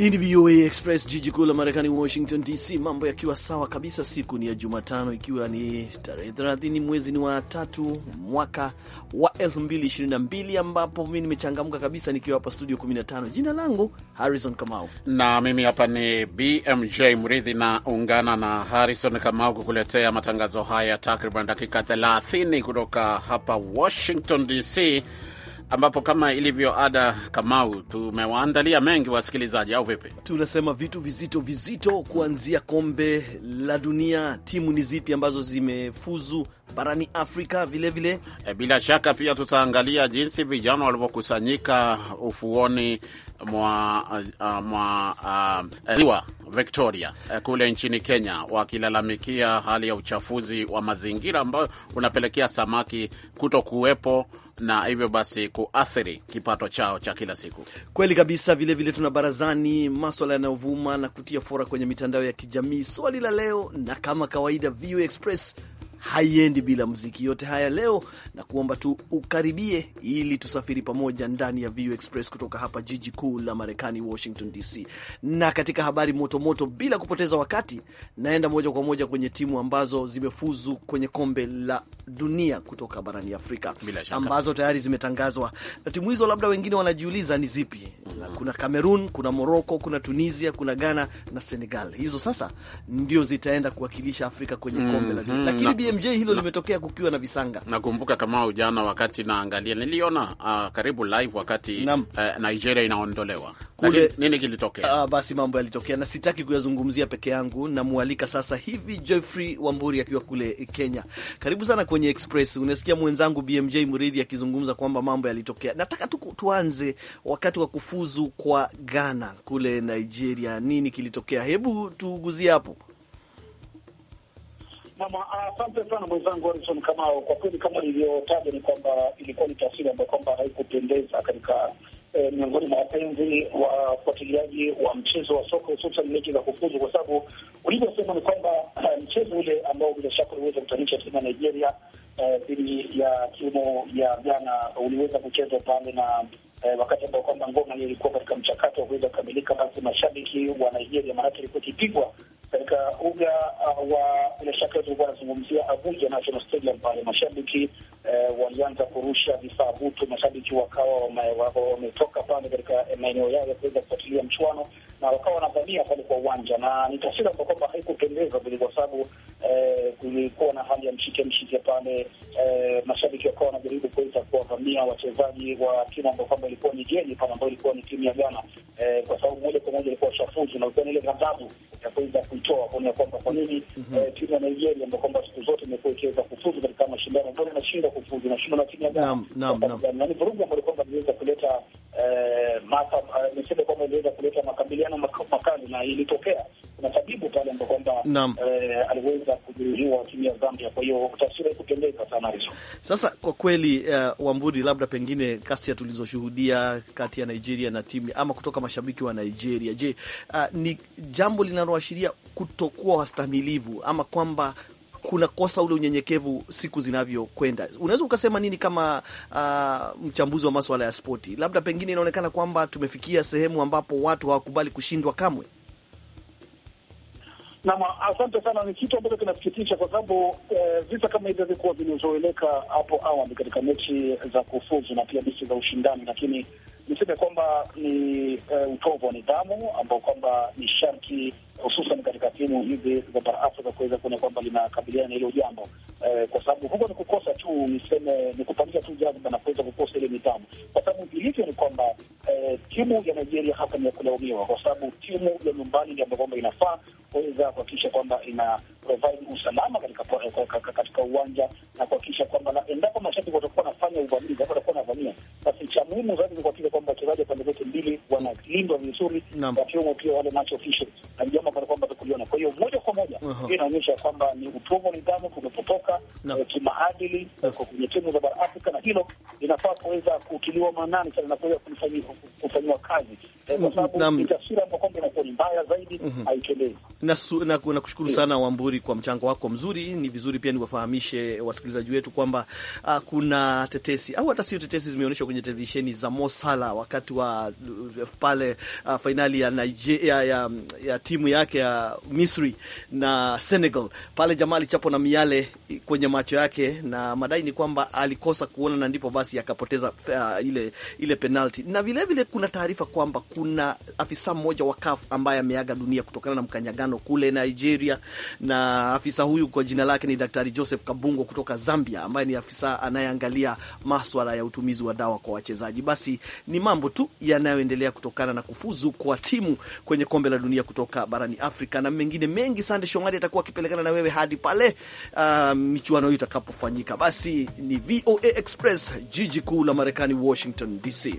Hii ni VOA Express, jiji kuu la Marekani, Washington DC. Mambo yakiwa sawa kabisa, siku ni ya Jumatano, ikiwa ni tarehe 30 mwezi ni wa tatu mwaka wa 2022, ambapo mi nimechangamka kabisa nikiwa hapa studio 15. Jina langu Harrison Kamau na mimi hapa ni BMJ Mridhi, na ungana na Harrison Kamau kukuletea matangazo haya takriban dakika 30 kutoka hapa Washington DC ambapo kama ilivyo ada, Kamau, tumewaandalia mengi wasikilizaji, au vipi? Tunasema vitu vizito vizito, kuanzia kombe la dunia, timu ni zipi ambazo zimefuzu barani Afrika vilevile vile. E, bila shaka pia tutaangalia jinsi vijana walivyokusanyika ufuoni mwa, uh, mwa uh, ziwa Victoria kule nchini Kenya wakilalamikia hali ya uchafuzi wa mazingira ambayo unapelekea samaki kuto kuwepo na hivyo basi kuathiri kipato chao cha kila siku. Kweli kabisa. Vilevile vile tuna barazani, maswala yanayovuma na kutia fora kwenye mitandao ya kijamii, swali la leo, na kama kawaida, VOA Express haiendi bila mziki Yote haya leo na kuomba tu ukaribie, ili tusafiri pamoja ndani ya VU Express kutoka hapa jiji kuu la Marekani, Washington DC. Na katika habari motomoto, bila kupoteza wakati, naenda moja kwa moja kwenye timu ambazo zimefuzu kwenye kombe la dunia kutoka barani Afrika ambazo tayari zimetangazwa. na Timu hizo labda wengine wanajiuliza ni zipi? mm -hmm. Kuna Cameroon, kuna Morocco, kuna Tunisia, kuna Ghana na Senegal. Hizo sasa ndio zitaenda kuwakilisha Afrika kwenye kombe la mhm. dunia, lakini BMJ hilo limetokea kukiwa na visanga. Nakumbuka kama ujana wakati naangalia niliona uh, karibu live wakati uh, Nigeria inaondolewa kule, nini kilitokea? Uh, basi mambo yalitokea na sitaki kuyazungumzia peke yangu. Namwalika sasa hivi Geoffrey Wamburi akiwa kule Kenya. Karibu sana kwenye Express. Unasikia mwenzangu BMJ mridhi akizungumza kwamba mambo yalitokea. Nataka tu tuanze wakati wa kufuzu kwa Ghana kule Nigeria, nini kilitokea? Hebu tuguzie hapo. Asante sana mwenzangu Harison Kamao. Kwa kweli kama ilivyotaja ni kwamba ilikuwa ni taswira ambayo kwamba haikupendeza katika eh, miongoni mwa wapenzi wafuatiliaji wa mchezo wa soka hususan mechi za kufuzu, kwa sababu ulivyosema ni kwamba eh, mchezo ule ambao bila shaka uliweza kutanisha timu ya Nigeria eh, dhidi ya timu ya Ghana uliweza kuchezwa pale na Eh, wakati ambao kwamba ngoma hiyo ilikuwa katika mchakato wa kuweza kukamilika, basi mashabiki wa Nigeria, maanake ilikuwa kipigo Abuja National Stadium pale, mashabiki eh, walianza kurusha vifaa butu, mashabiki wakawa wametoka pale katika maeneo yao ya kuweza kufuatilia mchuano na wakawa wanavamia pale kwa uwanja, na ni taswira ambayo kwamba haikupendeza vile, kwa sababu eh, kulikuwa na hali ya mshike mshike pale eh, mashabiki wakawa wanajaribu kuweza kuwavamia wachezaji wa timu ambayo kwamba ilikuwa ni jeni pale, ambayo ilikuwa ni timu ya Ghana eh, kwa sababu moja kwa moja ilikuwa uchafuzi na ilikuwa na ile ghadhabu ya kuweza kuitoa kuona kwamba kwa nini mhm. eh, timu ya Nigeria ambayo kwamba siku naam, naam, naam, yaani vurugu ambayo kwamba iliweza kuleta eh, eh, niseme kwamba iliweza kuleta makabiliano makali na ilitokea. Kuna tabibu pale ambao kwamba eh, aliweza kujeruhiwa timu ya Zambia, kwa hiyo taswira ikupendeza sana hizo. Sasa kwa kweli, uh, Wamburi, labda pengine kasi ya tulizoshuhudia kati ya Nigeria na timu ama kutoka mashabiki wa Nigeria, je, uh, ni jambo linaloashiria kutokuwa wastamilivu ama kwamba kosa ule unyenyekevu siku zinavyokwenda. Unaweza ukasema nini kama uh, mchambuzi wa maswala ya spoti? Labda pengine inaonekana kwamba tumefikia sehemu ambapo watu hawakubali kushindwa kamwe. Naam, asante sana. Ni kitu ambacho kinasikitisha kwa sababu eh, vita kama hivyo havikuwa vimezoeleka hapo awali katika mechi za kufuzu na pia mechi za ushindani, lakini niseme kwamba ni eh, utovu wa nidhamu ambao kwamba ni sharti hususan katika timu hizi za bara Afrika kuweza kuona kwamba linakabiliana na hilo jambo eh, kwa sababu huko ni kukosa tu niseme ni kupandisha tu jazba na kuweza kukosa ile nidhamu, kwa sababu ilivyo ni kwamba eh, timu ya Nigeria hapa ni ya kulaumiwa, kwa sababu timu ya nyumbani ndio kwamba inafaa kuweza kuhakikisha kwamba ina provide usalama katika katika, katika uwanja na kuhakikisha kwamba na endapo mashabiki watakuwa wanafanya uvamizi au watakuwa wanavamia, basi cha muhimu zaidi ni kuhakikisha kwamba wachezaji wa pande zote mbili wanalindwa vizuri, wakiwemo pia wale match officials inaonyesha kwamba ni utovu nidhamu kumepotoka no. Eh, kimaadili no. Eh, kwenye timu za bara Afrika, na hilo linafaa kuweza kutiliwa maanani sana na kuweza kufanyiwa kazi, eh, kwa sababu ni taswira Mhm. haitelezi. Nakushukuru na, na sana Wamburi kwa mchango wako mzuri. Ni vizuri pia niwafahamishe wasikilizaji wetu kwamba uh, kuna tetesi au hata sio tetesi zimeonyeshwa kwenye televisheni za Mo Salah wakati wa uh, pale uh, ah, fainali ya, ya, ya, ya timu yake ya Misri na Senegal pale, jamaa alichapo na miale kwenye macho yake, na madai ni kwamba alikosa kuona na ndipo basi akapoteza uh, ile ile penalti, na vilevile vile kuna taarifa kwamba kuna afisa mmoja wa CAF ambaye ameaga dunia kutokana na mkanyagano kule Nigeria. Na afisa huyu kwa jina lake ni Daktari Joseph Kabungo kutoka Zambia, ambaye ni afisa anayeangalia maswala ya utumizi wa dawa kwa wachezaji. Basi ni mambo tu yanayoendelea kutokana na kufuzu kwa timu kwenye kombe la dunia kutoka barani Afrika na mengine mengi. Sande Shomari atakuwa akipelekana na wewe hadi pale uh, michuano hiyo itakapofanyika. Basi ni VOA Express, jiji kuu la Marekani, Washington DC.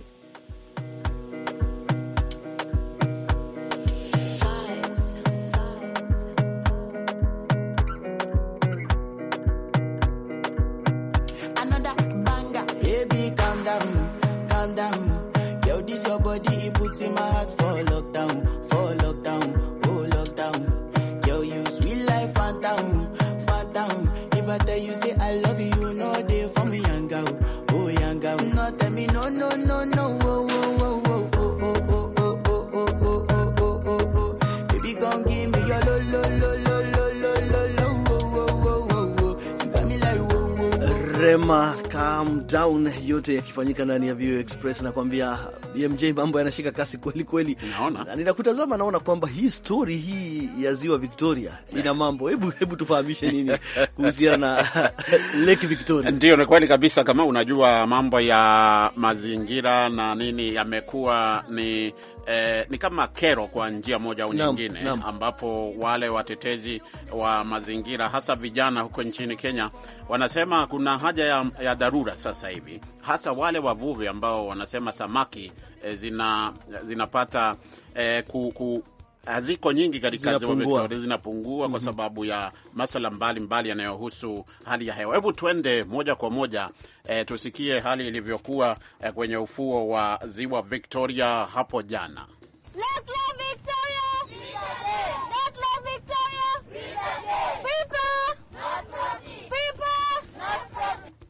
ngoma calm down, yote yakifanyika ndani ya Vio Express. Nakwambia BMJ, mambo yanashika kasi kweli kweli. Naona ninakutazama, naona kwamba hii story hii ya ziwa Victoria ina mambo. Hebu hebu tufahamishe nini kuhusiana na Lake Victoria? Ndio, ni kweli kabisa. Kama unajua mambo ya mazingira na nini yamekuwa ni eh, ni kama kero kwa njia moja au nyingine, ambapo wale watetezi wa mazingira hasa vijana huko nchini Kenya wanasema kuna haja ya, ya dharura sasa hivi, hasa wale wavuvi ambao wanasema samaki eh, zina, zinapata eh, ku, ku, haziko nyingi katika ziwa Victoria, zinapungua kwa mhm. sababu ya masala mbalimbali yanayohusu hali ya hewa. Hebu twende moja kwa moja e, tusikie hali ilivyokuwa e, kwenye ufuo wa ziwa Victoria hapo jana.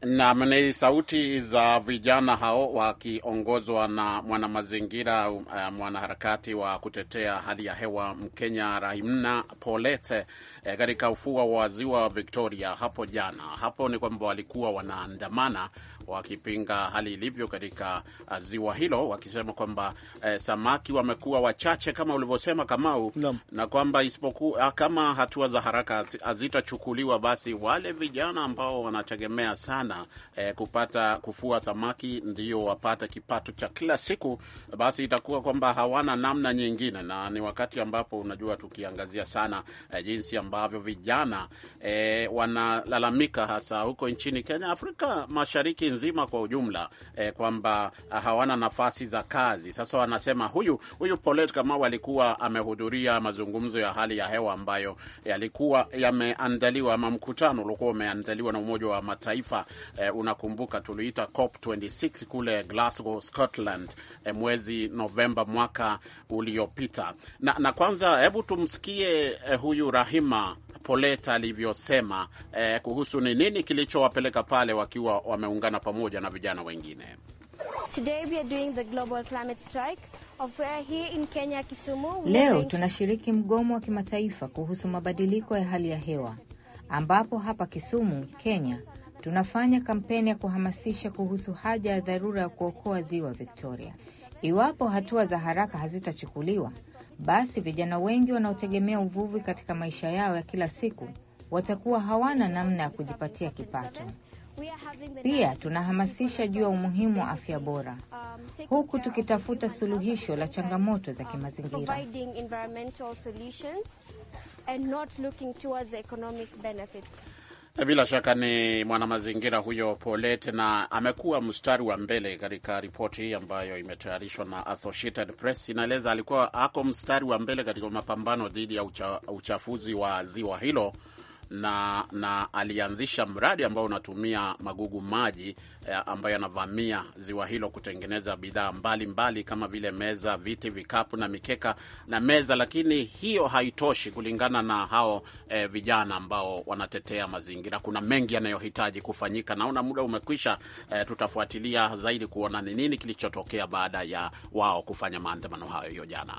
Nam ni sauti za vijana hao wakiongozwa na mwanamazingira, uh, mwanaharakati wa kutetea hali ya hewa Mkenya Rahimna Polete e, katika ufuo wa ziwa Victoria hapo jana. Hapo ni kwamba walikuwa wanaandamana wakipinga hali ilivyo katika ah, ziwa hilo, wakisema kwamba e, samaki wamekuwa wachache kama ulivyosema Kamau no. na kwamba isipokuwa ah, kama hatua za haraka hazitachukuliwa, basi wale vijana ambao wanategemea sana e, kupata kufua samaki ndio wapate kipato cha kila siku, basi itakuwa kwamba hawana namna nyingine, na ni wakati ambapo unajua tukiangazia sana e, jinsi ya ambavyo vijana e, wanalalamika hasa huko nchini Kenya, Afrika Mashariki nzima kwa ujumla e, kwamba hawana nafasi za kazi. Sasa wanasema huyu huyu Polet kama alikuwa amehudhuria mazungumzo ya hali ya hewa ambayo yalikuwa yameandaliwa ama mkutano ulikuwa umeandaliwa na Umoja wa Mataifa e, unakumbuka tuliita COP 26 kule Glasgow, Scotland e, mwezi Novemba mwaka uliopita na, na kwanza hebu tumsikie e, huyu Rahima poleta alivyosema eh, kuhusu ni nini kilichowapeleka pale wakiwa wameungana pamoja na vijana wengine. Leo tunashiriki mgomo wa kimataifa kuhusu mabadiliko ya hali ya hewa, ambapo hapa Kisumu, Kenya, tunafanya kampeni ya kuhamasisha kuhusu haja ya dharura ya kuokoa ziwa Victoria. Iwapo hatua za haraka hazitachukuliwa basi vijana wengi wanaotegemea uvuvi katika maisha yao ya kila siku watakuwa hawana namna ya kujipatia kipato. Pia tunahamasisha juu ya umuhimu wa afya bora, um, huku tukitafuta suluhisho la changamoto za um, kimazingira. Bila shaka ni mwanamazingira huyo Polet, na amekuwa mstari wa mbele katika ripoti hii ambayo imetayarishwa na Associated Press. Inaeleza alikuwa ako mstari wa mbele katika mapambano dhidi ya ucha, uchafuzi wa ziwa hilo na, na alianzisha mradi ambao unatumia magugu maji eh, ambayo yanavamia ziwa hilo kutengeneza bidhaa mbalimbali kama vile meza, viti, vikapu na mikeka na meza, lakini hiyo haitoshi kulingana na hao e, vijana ambao wanatetea mazingira. Kuna mengi yanayohitaji kufanyika. Naona muda umekwisha. E, tutafuatilia zaidi kuona ni nini kilichotokea baada ya wao kufanya maandamano hayo hiyo jana.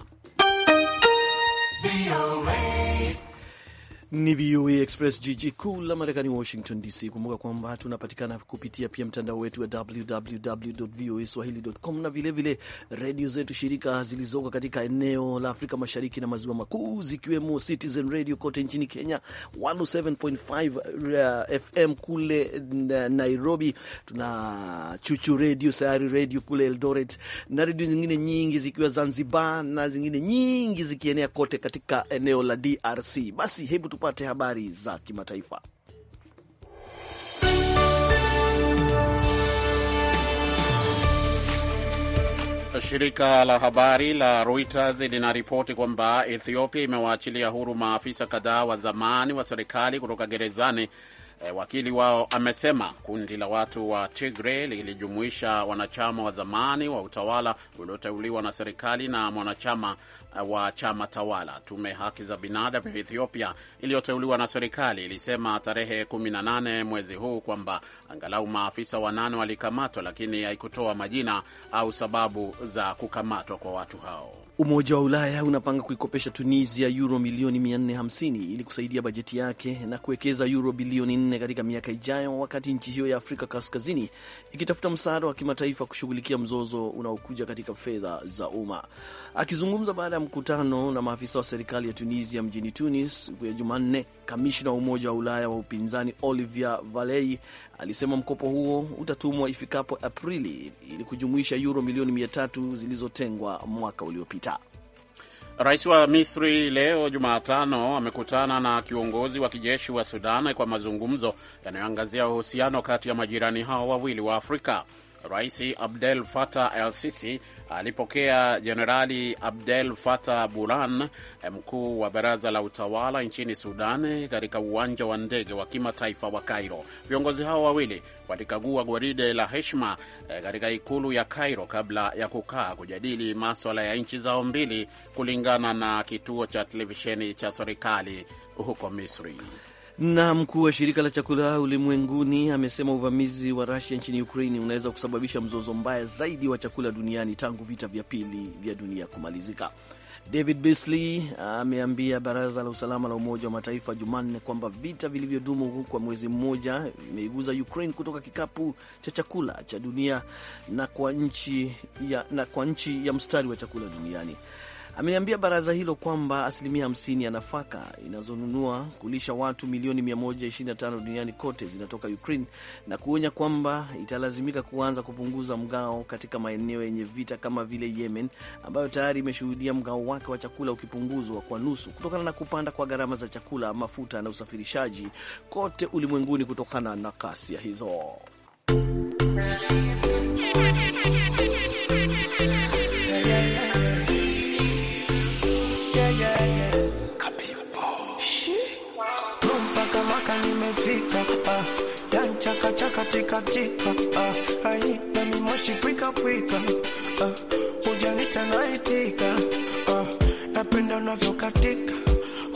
Ni VOA Express, jiji kuu la Marekani, Washington DC. Kumbuka kwamba tunapatikana kupitia pia mtandao wetu wa www voa swahili.com na vilevile redio zetu shirika zilizoko katika eneo la Afrika Mashariki na Maziwa Makuu, zikiwemo Citizen Radio kote nchini Kenya, 107.5 FM uh, kule Nairobi, tuna Chuchu Redio, Sayari redio kule Eldoret, na redio zingine nyingi zikiwa Zanzibar na zingine nyingi zikienea kote katika eneo la DRC. Basi hebu tupate habari za kimataifa. Shirika la habari la Reuters linaripoti kwamba Ethiopia imewaachilia huru maafisa kadhaa wa zamani wa serikali kutoka gerezani E, wakili wao amesema kundi la watu wa tigre lilijumuisha wanachama wa zamani wa utawala ulioteuliwa na serikali na mwanachama eh, wa chama tawala. Tume haki za binadamu ya Ethiopia iliyoteuliwa na serikali ilisema tarehe 18 mwezi huu kwamba angalau maafisa wanane walikamatwa, lakini haikutoa majina au sababu za kukamatwa kwa watu hao. Umoja wa Ulaya unapanga kuikopesha Tunisia euro milioni 450 ili kusaidia bajeti yake na kuwekeza euro bilioni 4 katika miaka ijayo, wakati nchi hiyo ya Afrika Kaskazini ikitafuta msaada wa kimataifa kushughulikia mzozo unaokuja katika fedha za umma. Akizungumza baada ya mkutano na maafisa wa serikali ya Tunisia mjini Tunis siku ya Jumanne, kamishna wa Umoja wa Ulaya wa upinzani Olivia Valei alisema mkopo huo utatumwa ifikapo Aprili ili kujumuisha yuro milioni mia tatu zilizotengwa mwaka uliopita. Rais wa Misri leo Jumatano amekutana na kiongozi wa kijeshi wa Sudan kwa mazungumzo yanayoangazia uhusiano kati ya majirani hao wawili wa Afrika. Rais Abdel Fattah El Sisi alipokea Jenerali Abdel Fattah Burhan, eh, mkuu wa baraza la utawala nchini Sudan, katika uwanja wa ndege wa kimataifa wa Cairo. Viongozi hao wawili walikagua gwaride la heshima eh, katika ikulu ya Cairo kabla ya kukaa kujadili maswala ya nchi zao mbili, kulingana na kituo cha televisheni cha serikali huko Misri. Na mkuu wa shirika la chakula ulimwenguni amesema uvamizi wa Rusia nchini Ukraini unaweza kusababisha mzozo mbaya zaidi wa chakula duniani tangu vita vya pili vya dunia kumalizika. David Beasley ameambia baraza la usalama la Umoja wa Mataifa Jumanne kwamba vita vilivyodumu kwa mwezi mmoja vimeiguza Ukraine kutoka kikapu cha chakula cha dunia na kwa nchi ya, na kwa nchi ya mstari wa chakula duniani ameambia baraza hilo kwamba asilimia 50 ya nafaka inazonunua kulisha watu milioni 125 duniani kote zinatoka Ukraine na kuonya kwamba italazimika kuanza kupunguza mgao katika maeneo yenye vita kama vile Yemen ambayo tayari imeshuhudia mgao wake wa chakula ukipunguzwa kwa nusu kutokana na kupanda kwa gharama za chakula, mafuta na usafirishaji kote ulimwenguni kutokana na kasia hizo. chaka chaka chika chika ah, ai mi moshi pika pika ah, ujanita itika ah, napenda unavyokatika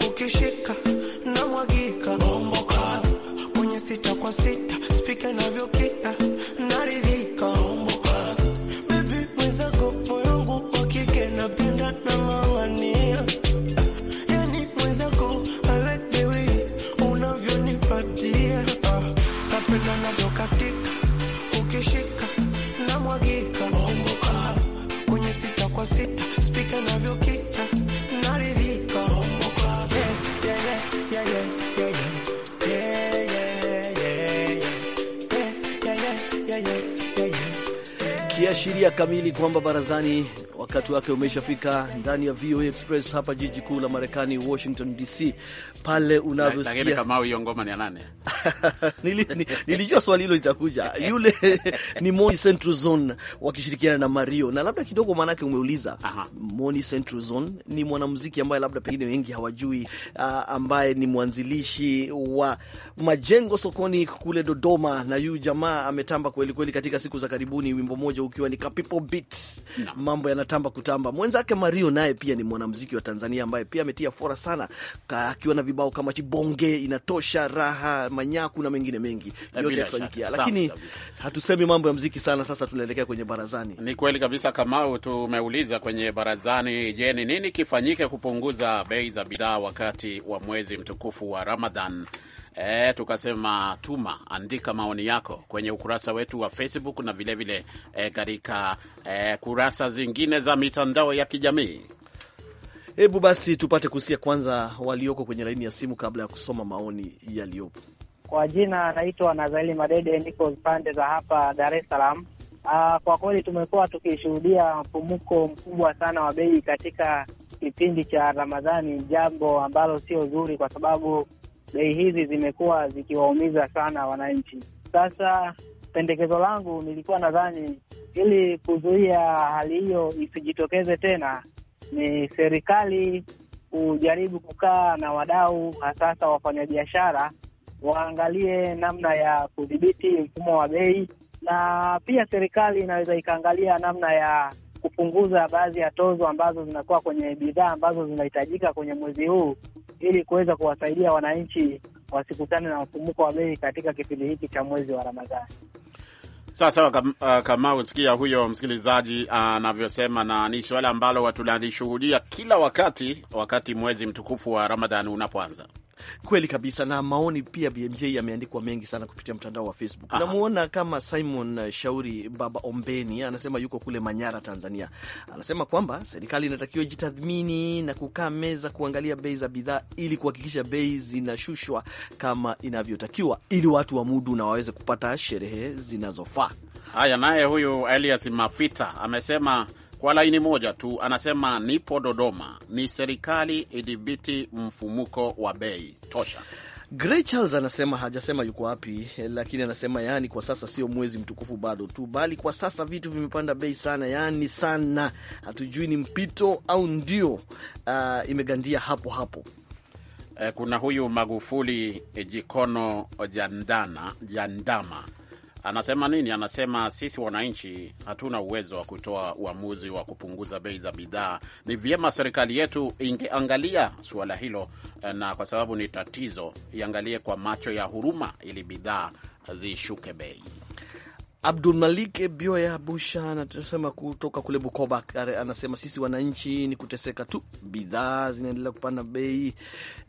ukishika na mwagika bomboka kwenye sita kwa sita spika inavyokita naridhika bombo kala mwenzako moyo wangu wa kike napenda na mama sita, spika navyokita kiashiria kamili kwamba barazani wakati wake umeshafika ndani ya VOA Express hapa jiji kuu la Marekani, Washington DC. Pale unavyosikia kama hiyo ngoma ni ya nane nilijua swali hilo litakuja. Yule ni Moni Central Zone wakishirikiana na Mario, na labda kidogo, maanake umeuliza. Moni Central Zone ni mwanamuziki ambaye labda pengine wengi hawajui, uh, ambaye ni mwanzilishi wa majengo sokoni kule Dodoma, na yu jamaa ametamba kwelikweli katika siku za karibuni, wimbo moja ukiwa ni Kapipo Beat, mambo yanatamba kutamba kutamba. Mwenzake Mario naye pia ni mwanamuziki wa Tanzania ambaye pia ametia fora sana, akiwa na vibao kama Chibonge, Inatosha, Raha, Manyaku na mengine mengi yote yakifanyikia, lakini hatusemi mambo ya muziki sana. Sasa tunaelekea kwenye barazani. Ni kweli kabisa, Kamau, tumeuliza kwenye barazani, je, ni nini kifanyike kupunguza bei za bidhaa wakati wa mwezi mtukufu wa Ramadhan? e, tukasema tuma, andika maoni yako kwenye ukurasa wetu wa Facebook na vilevile e, katika vile, e, kurasa zingine za mitandao ya kijamii. Hebu basi tupate kusikia kwanza walioko kwenye laini ya simu kabla ya kusoma maoni yaliyopo. Kwa jina anaitwa Nazaeli Madede, niko pande za hapa Dar es Salaam. kwa kweli tumekuwa tukishuhudia mfumuko mkubwa sana wa bei katika kipindi cha Ramadhani, jambo ambalo sio zuri, kwa sababu bei hizi zimekuwa zikiwaumiza sana wananchi. Sasa pendekezo langu nilikuwa nadhani, ili kuzuia hali hiyo isijitokeze tena, ni serikali kujaribu kukaa na wadau, hasasa wafanyabiashara, waangalie namna ya kudhibiti mfumo wa bei, na pia serikali inaweza ikaangalia namna ya kupunguza baadhi ya tozo ambazo zinakuwa kwenye bidhaa ambazo zinahitajika kwenye mwezi huu ili kuweza kuwasaidia wananchi wasikutane na mfumuko wa bei katika kipindi hiki cha mwezi wa Ramadhani. Sawa sawa, uh, kama usikia huyo msikilizaji anavyosema, uh, na ni suala ambalo tunalishuhudia kila wakati wakati mwezi mtukufu wa Ramadhani unapoanza. Kweli kabisa, na maoni pia BMJ yameandikwa mengi sana kupitia mtandao wa Facebook. Namuona kama Simon eh, Shauri Baba Ombeni anasema yuko kule Manyara, Tanzania. Anasema kwamba serikali inatakiwa ijitathmini na kukaa meza kuangalia bei za bidhaa ili kuhakikisha bei zinashushwa kama inavyotakiwa ili watu wa mudu na waweze kupata sherehe zinazofaa. Haya, naye huyu Elias Mafita amesema kwa laini moja tu. Anasema nipo Dodoma, ni serikali idhibiti mfumuko wa bei. Tosha. Gray Charles anasema hajasema yuko wapi, lakini anasema yani kwa sasa sio mwezi mtukufu bado tu, bali kwa sasa vitu vimepanda bei sana, yani sana, hatujui ni mpito au ndio uh, imegandia hapo hapo. Eh, kuna huyu Magufuli eh, Jikono Jandana, Jandama Anasema nini? Anasema sisi wananchi hatuna uwezo wa kutoa uamuzi wa kupunguza bei za bidhaa. Ni vyema serikali yetu ingeangalia suala hilo, eh, na kwa sababu ni tatizo, iangalie kwa macho ya huruma ili bidhaa zishuke bei. Abdulmalik eh, Bioya Busha anasema kutoka kule Bukoba, anasema sisi wananchi ni kuteseka tu, bidhaa zinaendelea kupanda bei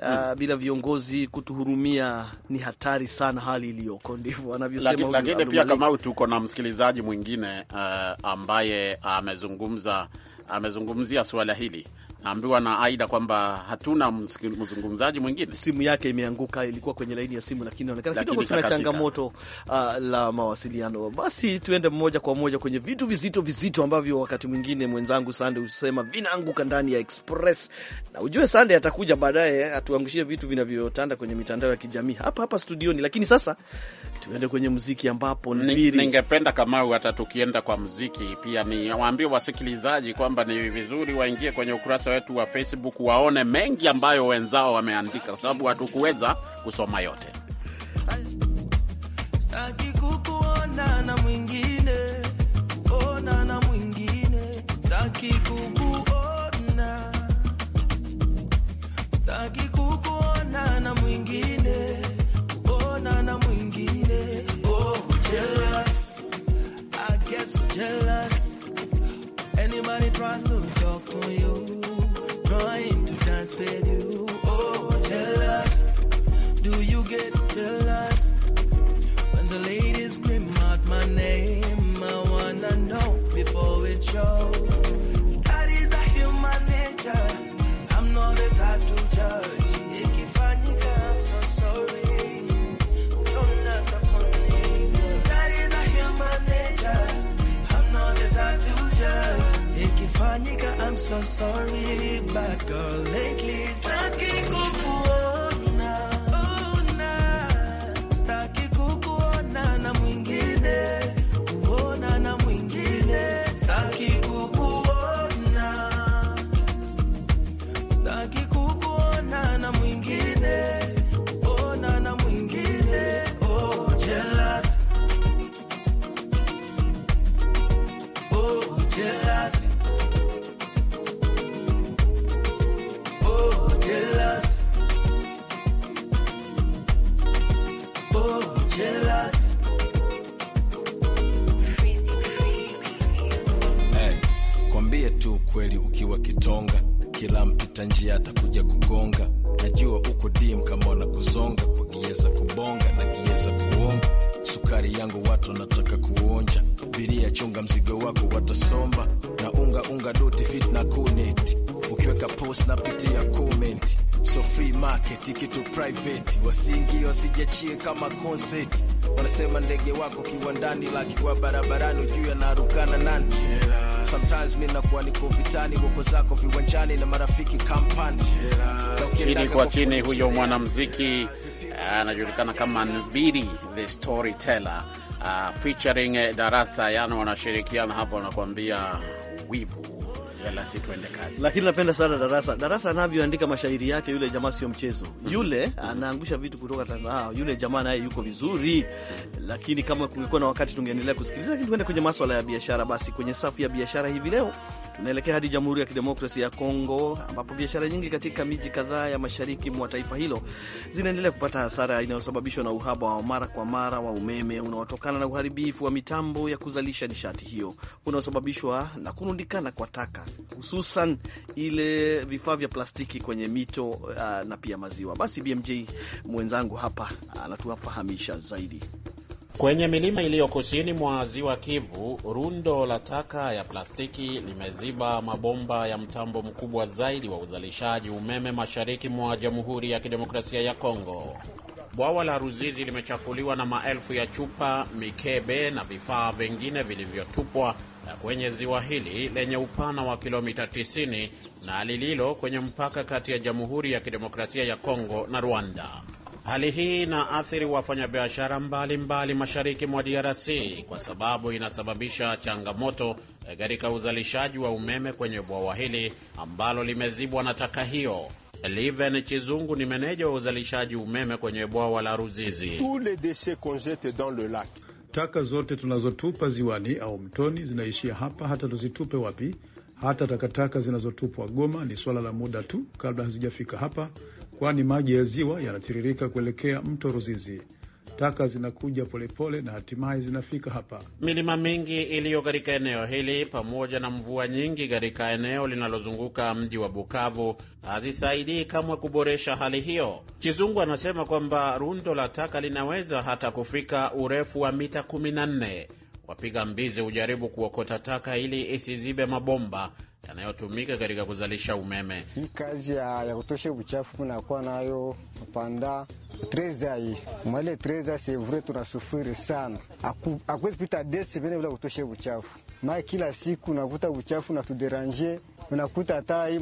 ah, hmm, bila viongozi kutuhurumia, ni hatari sana hali iliyoko, ndivyo anavyosema. Lakini pia kama tuko na msikilizaji mwingine uh, ambaye amezungumza amezungumzia suala hili naambiwa na Aida kwamba hatuna mzungumzaji mwingine. Simu yake imeanguka, ilikuwa kwenye laini ya simu, lakini inaonekana kidogo tuna changamoto uh, la mawasiliano. Basi tuende moja kwa moja kwenye vitu vizito vizito ambavyo wakati mwingine mwenzangu Sande husema vinaanguka ndani ya Express, na ujue Sande atakuja baadaye atuangushie vitu vinavyotanda kwenye mitandao ya kijamii hapa hapa studioni. Lakini sasa tuende kwenye muziki, ambapo ningependa Kamau, hata tukienda kwa muziki pia niwaambie wasikilizaji kwamba ni vizuri waingie kwenye ukurasa wetu wa Facebook waone mengi ambayo wenzao wameandika, kwa sababu hatukuweza kusoma yote. market kitu private, wasingi wasijachie kama concert. Wanasema ndege wako kiwa ndani, kiwandani, lakiwa barabarani, ujuu yanarukana nani? yes. Sometimes mi nakuwa niko vitani, goko zako viwanjani na marafiki kampani Chini kwa chini, huyo mwanamuziki eh, anajulikana kama Nviri the Storyteller uh, featuring eh, Darasa, yani wanashirikiana hapo, wanakuambia wivu si tuende kazi. Lakini napenda sana Darasa. Darasa anavyoandika mashairi yake, yule jamaa sio mchezo yule, anaangusha vitu kutoka Tanzania. Ah, yule jamaa naye yuko vizuri, lakini kama kungekuwa na wakati tungeendelea kusikiliza, lakini tuende kwenye maswala ya biashara. Basi kwenye safu ya biashara hivi leo Tunaelekea hadi Jamhuri ya Kidemokrasia ya Kongo ambapo biashara nyingi katika miji kadhaa ya mashariki mwa taifa hilo zinaendelea kupata hasara inayosababishwa na uhaba wa mara kwa mara wa umeme unaotokana na uharibifu wa mitambo ya kuzalisha nishati hiyo unaosababishwa na kurundikana kwa taka, hususan ile vifaa vya plastiki kwenye mito uh, na pia maziwa. Basi BMJ mwenzangu hapa anatufahamisha zaidi. Kwenye milima iliyo kusini mwa ziwa Kivu, rundo la taka ya plastiki limeziba mabomba ya mtambo mkubwa zaidi wa uzalishaji umeme mashariki mwa Jamhuri ya Kidemokrasia ya Kongo. Bwawa la Ruzizi limechafuliwa na maelfu ya chupa, mikebe na vifaa vingine vilivyotupwa kwenye ziwa hili lenye upana wa kilomita 90 na lililo kwenye mpaka kati ya Jamhuri ya Kidemokrasia ya Kongo na Rwanda. Hali hii athiri wafanyabiashara mbalimbali mashariki mwa DRC kwa sababu inasababisha changamoto eh, katika uzalishaji wa umeme kwenye bwawa hili ambalo limezibwa na taka hiyo. Liven Chizungu ni meneja wa uzalishaji umeme kwenye bwawa la Ruzizi. Taka zote tunazotupa ziwani au mtoni zinaishia hapa, hata tuzitupe wapi hata takataka zinazotupwa Goma ni suala la muda tu kabla hazijafika hapa, kwani maji ya ziwa yanatiririka kuelekea mto Ruzizi. Taka zinakuja polepole na hatimaye zinafika hapa. Milima mingi iliyo katika eneo hili pamoja na mvua nyingi katika eneo linalozunguka mji wa Bukavu hazisaidii kamwe kuboresha hali hiyo. Chizungu anasema kwamba rundo la taka linaweza hata kufika urefu wa mita nne Wapiga mbizi hujaribu kuokota taka ili isizibe mabomba yanayotumika katika kuzalisha umeme. Hii kazi ya, ya kutosha uchafu kunakuwa nayo panda treza hii mwale treza sevure tunasufiri sana, akuwezi pita desi vile kutosha uchafu mae kila siku nakuta uchafu na tuderanje, unakuta hata hii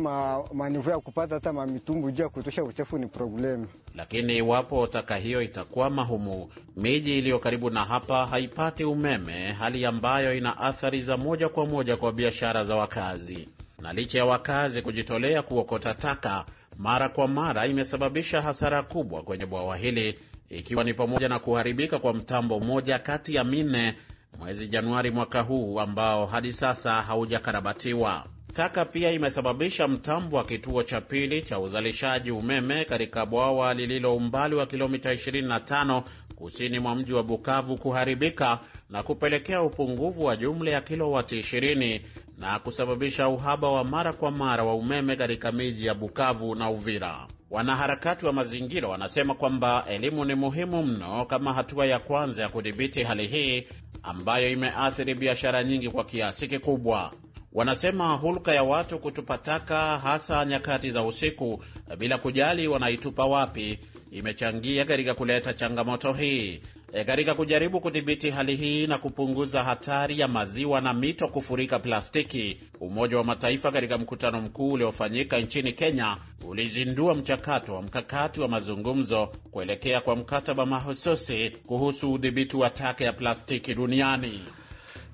manivu ya kupata hata mamitumbu juu ya kutosha uchafu ni problemu. Lakini iwapo taka hiyo itakwama humu, miji iliyo karibu na hapa haipati umeme, hali ambayo ina athari za moja kwa moja kwa biashara za wakazi. Na licha ya wakazi kujitolea kuokota taka mara kwa mara, imesababisha hasara kubwa kwenye bwawa hili, ikiwa ni pamoja na kuharibika kwa mtambo mmoja kati ya minne mwezi Januari mwaka huu ambao hadi sasa haujakarabatiwa. Taka pia imesababisha mtambo wa kituo cha pili cha uzalishaji umeme katika bwawa lililo umbali wa kilomita 25 kusini mwa mji wa Bukavu kuharibika na kupelekea upungufu wa jumla ya kilowati 20 na kusababisha uhaba wa mara kwa mara wa umeme katika miji ya Bukavu na Uvira. Wanaharakati wa mazingira wanasema kwamba elimu ni muhimu mno kama hatua ya kwanza ya kudhibiti hali hii ambayo imeathiri biashara nyingi kwa kiasi kikubwa. Wanasema hulka ya watu kutupa taka, hasa nyakati za usiku, bila kujali wanaitupa wapi, imechangia katika kuleta changamoto hii. E, katika kujaribu kudhibiti hali hii na kupunguza hatari ya maziwa na mito kufurika plastiki, Umoja wa Mataifa katika mkutano mkuu uliofanyika nchini Kenya ulizindua mchakato wa mkakati wa mazungumzo kuelekea kwa mkataba mahususi kuhusu udhibiti wa taka ya plastiki duniani.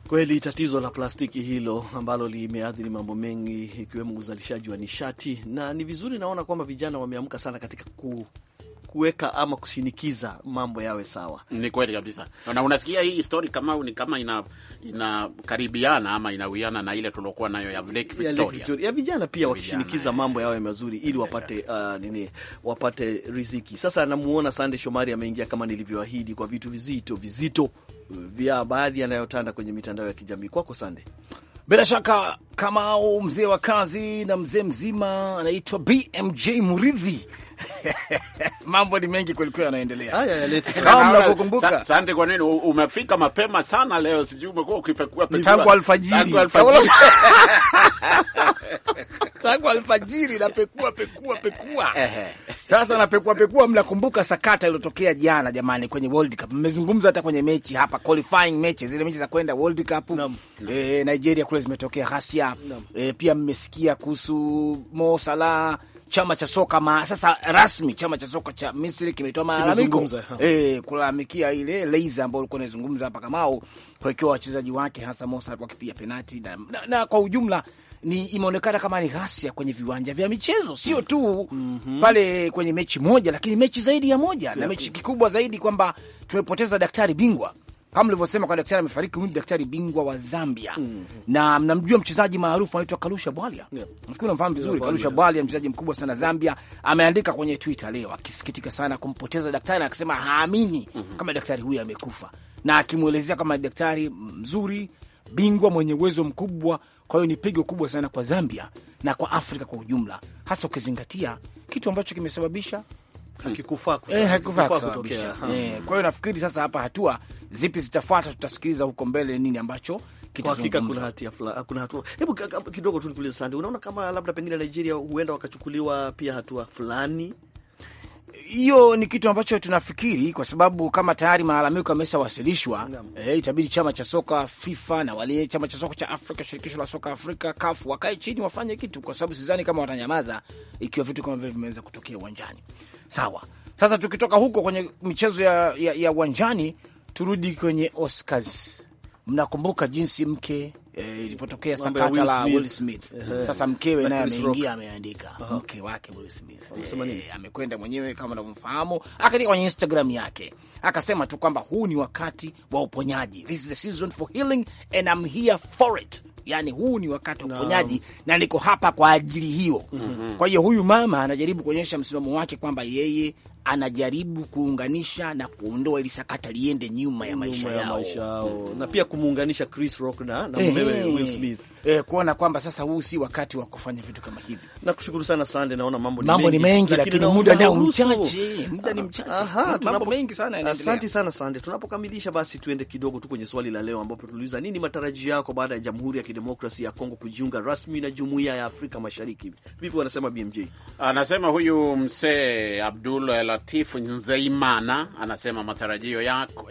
Kweli tatizo la plastiki hilo ambalo limeathiri mambo mengi ikiwemo uzalishaji wa nishati, na ni vizuri naona kwamba vijana wameamka sana katika ku kuweka ama kushinikiza mambo yawe sawa. Ni kweli kabisa, na unasikia hii story kama ni kama ina inakaribiana ama inawiana na ile tuliokuwa nayo ya Lake Victoria ya vijana pia wakishinikiza mambo eh. yawe mazuri ili wapate uh, nini, wapate riziki. Sasa namuona Sande Shomari ameingia kama nilivyoahidi kwa vitu vizito vizito uh, vya baadhi yanayotanda kwenye mitandao ya kijamii. Kwako Sande. Bila shaka Kamau, mzee wa kazi na mzee mzima, anaitwa BMJ Muridhi. Mambo ni mengi kwelikweli yanaendelea. Mnakumbuka sande, kwa nini umefika mapema sana leo? Sijui umekuwa ukipekua pekua tangu alfajiri, tangu alfajiri napekua pekua pekua. Sasa napekua pekua. Mnakumbuka sakata iliyotokea jana, jamani, kwenye World Cup? Mmezungumza hata kwenye mechi hapa, qualifying mechi, zile mechi za kwenda World Cup. Eh, Nigeria kule zimetokea ghasia E, pia mmesikia kuhusu Mo Salah chama cha soka ma, sasa rasmi chama cha soka cha Misri kimetoa malalamiko eh, kulalamikia ile leiza ambayo ulikuwa unazungumza hapa Kamau, kwakiwa wachezaji wake hasa Mosa wakipiga penati na, na, na kwa ujumla ni imeonekana kama ni ghasia kwenye viwanja vya michezo, sio tu mm -hmm. pale kwenye mechi moja, lakini mechi zaidi ya moja yeah. na mechi kikubwa zaidi kwamba tumepoteza daktari bingwa kama ulivyosema kwa daktari amefariki, huyu daktari bingwa wa Zambia mm -hmm. na mnamjua mchezaji maarufu anaitwa Kalusha Bwalya yeah. nafikiri unamfahamu vizuri yeah, Kalusha Bwalya, mchezaji mkubwa sana Zambia, ameandika kwenye Twitter leo akisikitika sana kumpoteza daktari na akisema haamini mm -hmm. kama daktari huyu amekufa, na akimwelezea kama daktari mzuri bingwa mwenye uwezo mkubwa. Kwa hiyo ni pigo kubwa sana kwa Zambia na kwa Afrika kwa ujumla, hasa ukizingatia kitu ambacho kimesababisha Hmm. hakikufaa eh, kusababisha. Eh, hmm. Kwa hiyo nafikiri sasa hapa hatua zipi zitafuata, tutasikiliza huko mbele nini ambacho hakika kuna hatia fulani, kuna hatua. Hebu kidogo tu nikuulize Sande, unaona kama labda pengine Nigeria huenda wakachukuliwa pia hatua fulani? Hiyo ni kitu ambacho tunafikiri, kwa sababu kama tayari malalamiko yameshawasilishwa eh, itabidi chama cha soka FIFA na wale chama cha soka cha Afrika, shirikisho la soka Afrika CAF wakae chini wafanye kitu, kwa sababu sidhani kama watanyamaza ikiwa vitu kama vile vimeweza kutokea uwanjani sawa. Sasa tukitoka huko kwenye michezo ya uwanjani, turudi kwenye Oscars. Mnakumbuka jinsi mke eh, ilivyotokea sakata la Will Smith. Sasa mkewe naye ameingia, ameandika mke wake Will Smith eh, amekwenda mwenyewe kama unavyomfahamu, akaandika kwenye Instagram yake akasema tu kwamba huu ni wakati wa uponyaji, this is season for healing and I'm here for it yani huu ni wakati wa uponyaji na niko hapa kwa ajili hiyo. mm -hmm. Kwa hiyo huyu mama anajaribu kuonyesha msimamo wake kwamba yeye anajaribu kuunganisha na kuondoa ili sakata liende nyuma ya maisha yao, ya maisha yao. Mm. Na pia kumuunganisha Chris Rock na, na eh, mumewe Will Smith eh, kuona kwamba sasa huu si wakati wa kufanya vitu kama hivi. Na kushukuru sana Sande, naona mambo ni mambo mengi, mengi lakini, lakini muda nao mchache, muda ni mchache. mambo tunapo, mengi sana yanaendelea. Asante sana Sande, tunapokamilisha basi tuende kidogo tu kwenye swali la leo ambapo tuliuliza nini matarajio yako baada ya Jamhuri ya Kidemokrasia ya Kongo kujiunga rasmi na Jumuiya ya Afrika Mashariki. Vipi wanasema BMJ? Anasema huyu msee Abdul Latifu Nzeimana anasema matarajio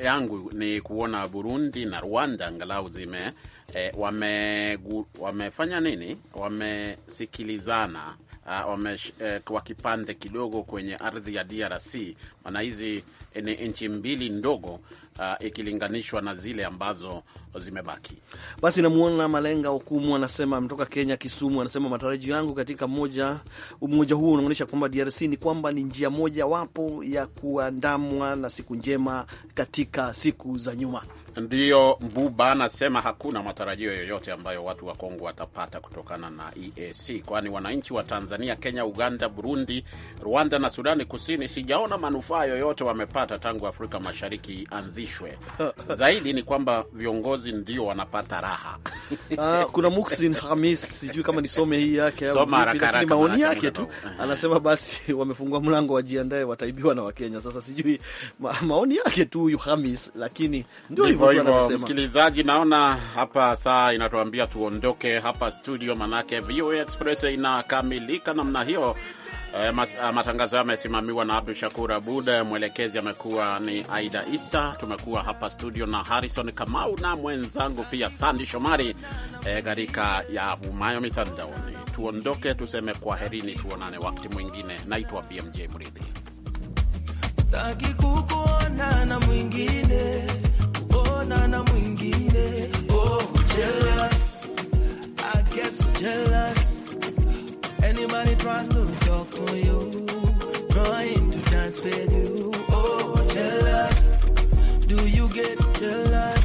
yangu ni kuona Burundi na Rwanda angalau zime e, wame, wamefanya nini, wamesikilizana ah, wame, e, kwa kipande kidogo kwenye ardhi ya DRC, maana hizi ni nchi mbili ndogo uh, ikilinganishwa na zile ambazo zimebaki. Basi namwona Malenga Hukumu anasema ametoka Kenya, Kisumu, anasema matarajio yangu katika moja, umoja huu unaonyesha kwamba DRC ni kwamba ni njia moja wapo ya kuandamwa na siku njema katika siku za nyuma. Ndiyo, Mbuba anasema hakuna matarajio yoyote ambayo watu wa Kongo watapata kutokana na EAC, kwani wananchi wa Tanzania, Kenya, Uganda, Burundi, Rwanda na Sudani Kusini sijaona manufaa yoyote wamepata tangu Afrika Mashariki ianzishwe. Zaidi ni kwamba viongozi ndio wanapata raha. Uh, kuna Muksin Hamis, sijui kama nisome hii yake lakini maoni yake tu anasema basi wamefungua mlango, wajiandae, wataibiwa na Wakenya. Sasa sijui ma, maoni yake tu huyu Hamis, lakini ndio hivyo hivyo, msikilizaji, naona hapa saa inatuambia tuondoke hapa studio, manake VOA Express inakamilika namna hiyo. E, matangazo hayo yamesimamiwa na Abdu Shakur Abud, mwelekezi amekuwa ni Aida Isa. Tumekuwa hapa studio na Harrison Kamau na mwenzangu pia Sandi Shomari katika eh, e, ya vumayo mitandaoni. Tuondoke tuseme kwaherini, tuonane wakati mwingine. Naitwa BMJ Mridhi. Sitaki kukuona na mwingine kuona na mwingine. Oh, jealous. I get so jealous. Anybody tries to talk to you, trying to dance with you. Oh, jealous. Do you get jealous?